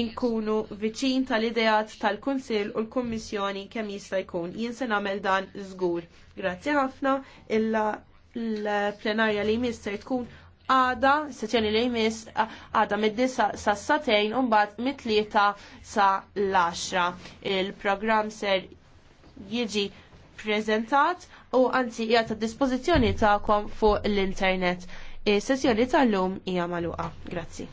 inkunu viċin tal-ideat tal-Kunsil u l-Kummissjoni kemm jista' jkun. Jien se nagħmel dan żgur. Grazzi ħafna illa l-plenarja li jmiss se tkun għada, sezzjoni li jmiss għada mid-disa sa' satejn u mbagħad mit-tlieta sa' l-10. Il-programm ser jiġi prezentat u anzi hija ta' dispożizzjoni tagħkom fuq l-internet. sessjoni tal-lum hija magħluqa. Grazzi.